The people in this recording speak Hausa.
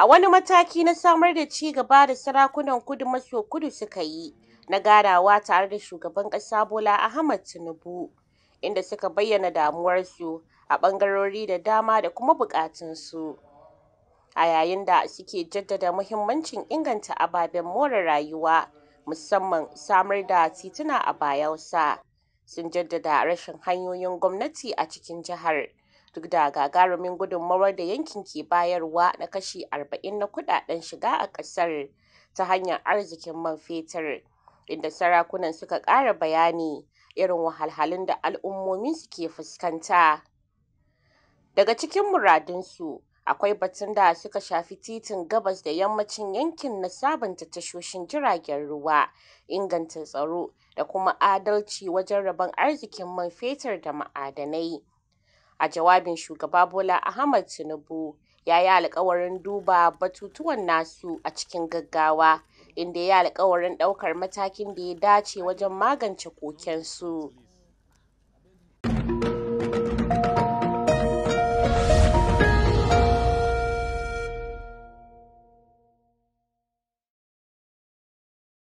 A wani mataki na samar da ci gaba da sarakunan kudu maso kudu suka yi na ganawa tare da shugaban kasa Bola ahmad Tinubu, inda suka bayyana damuwarsu a bangarori da dama da kuma bukatunsu. A yayin da suke jaddada muhimmancin inganta ababen more rayuwa, musamman samar da tituna a bayausa sun jaddada rashin hanyoyin gwamnati a cikin jihar duk da gagarumin gudunmawar da yankin ke bayarwa na kashi 40 na kudaden shiga a kasar ta hanyar arzikin man fetur, inda sarakunan suka kara bayani irin wahalhalun da su ke fuskanta. Daga cikin muradunsu akwai batun da suka shafi titin gabas da yammacin yankin na sabunta tashoshin jiragen ruwa, inganta tsaro, da kuma adalci wajen rabon arzikin man fetur da ma'adanai. A jawabin, Shugaba Bola Ahmed Tinubu ya yi alkawarin duba batutuwan nasu a cikin gaggawa, inda ya yi alkawarin daukar matakin da ya dace wajen magance koken su.